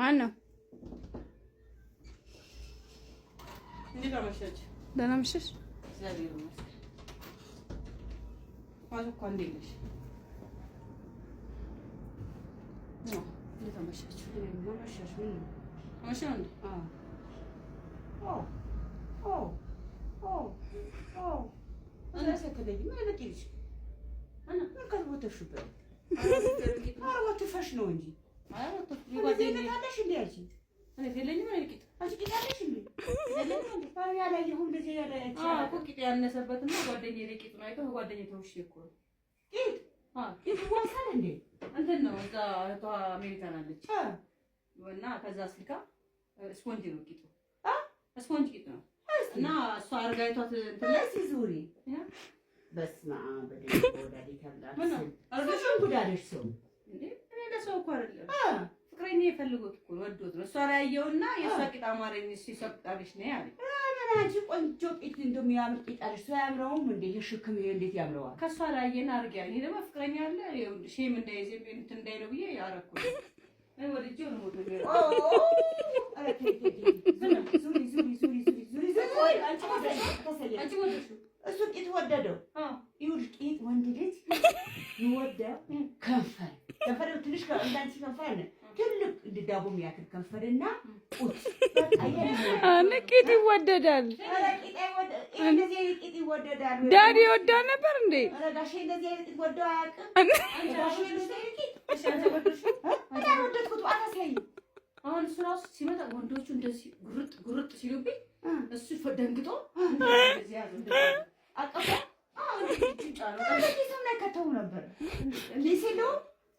ማን ነው? እንዴት ደህና መሸሽ። ነው እንጂ ቂጥ ያነሰበትና ጓደኛዬ ቂጥ ነው አይተው ጓደኛዬ ተውሼ እኮ ነው። ቂጥ ይዋሳል እንዴ? እንትን ነው እዛ እህቷ አሜሪካን አለች እና ከዛ ስልካ ስፖንጅ ነው ቂጡ፣ ስፖንጅ ቂጥ ነው እና እሷ አድርጋ አይቷት ዙሪ በስመ አብ በደምብ ወዳዴ ተብላ ጉዳደሽ ሰው ሰው እኮ አይደለም። ፍቅረኛ የፈልጉት እኮ ወዶት ነው። እሷ ላይ ያየውና የእሷ ቂጥ አማረኝ ሲሰጣልሽ ነው ያለ። አንቺ ቆንጆ ቂጥ እንደሚያምር ቂጥ አለሽ። ሰው ያምረውም እንዴ? የሽክም ይሄ እንዴት ያምረዋል? ከእሷ ላይ የና አርግ ይሄ ደግሞ ፍቅረኛ አለ ሼም እንዳይዜ እንትን እንዳይለው ብዬ ያረኩ ወድጄ ነው ወደ እሱ ቂጥ ወደደው። ይኸውልሽ ቂጥ ወንድ ልጅ ይወደ ከንፈር ከንፈሬው ትንሽ እንዳንቺ ከንፈር ትልቅ ዳቦ የሚያክል ከንፈርና ቁት ቂጥ ይወደዳል። ዳዲ ወዳ ነበር እንዴ? አሁን እሱ ራሱ ሲመጣ ወንዶቹ እንደዚህ ጉርጥ ጉርጥ ሲሉብኝ እሱ ደንግጦ አቀፋ ነበር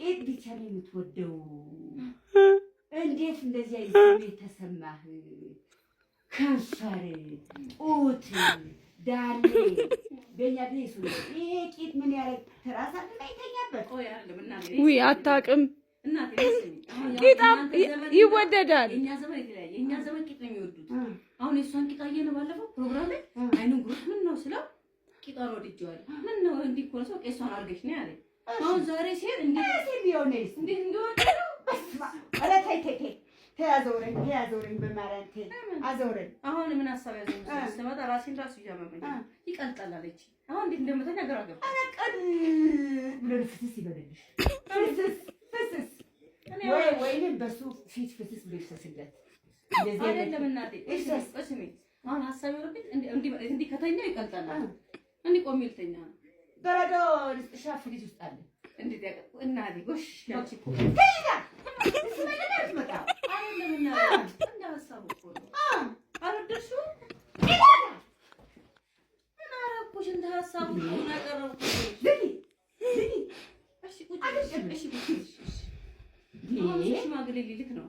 ጤት ብቻ ነው የምትወደው። እንዴት እንደዚህ አይነት የተሰማህ ከንፈር፣ ጡት፣ ዳሌ በእኛ ቤት ይሄ ቂጥ ምን ያደርግ ትራሳ አይተኛበት ውይ አታውቅም። ቂጣም ይወደዳል። እኛ ዘመን የተለያየ እኛ ዘመን ቂጥ ነው የሚወዱት። አሁን የእሷን ቂጣ እየነ ባለፈው ፕሮግራም ላይ አይኑ ጉሮት ምን ነው ስለው ቂጣ ነው ወድጀዋል። ምን ነው እንዲህ እኮ ነው ሰው ቄሷን አድርገሽ ነው ያለኝ አሁን ዛሬ ሲሄድ እንዴት ቢሆን እንዴት እንደሆነ ኧረ ተይ ተይ ተይ ተይ አዞረኝ ተይ በማርያም ተይ አዞረኝ። አሁን ምን ሀሳብ ያዘኝ ስመጣ ራሴን ራሱ እያመመኝ ይቀልጣል አሁን እንዴት እንደምተኛ ግራ ገባኝ። ኧረ ቀን ብሎ ፍስስ ይበልልሽ ፍስስ ፍስስ ወይ ወይኔ በእሱ ፊት ፍስስ ብሎ ይፍሰስለት አይደለም እናቴ እሺ። አሁን ሀሳብ ይወርብኝ እንዲህ ከተኛ ይቀልጣል። እንዲህ ቆሜ ልተኛ ነው በረዶ ሻፍ ልጅ ውስጥ አለ እና ጎሽ ሽማግሌ ልክ ነው።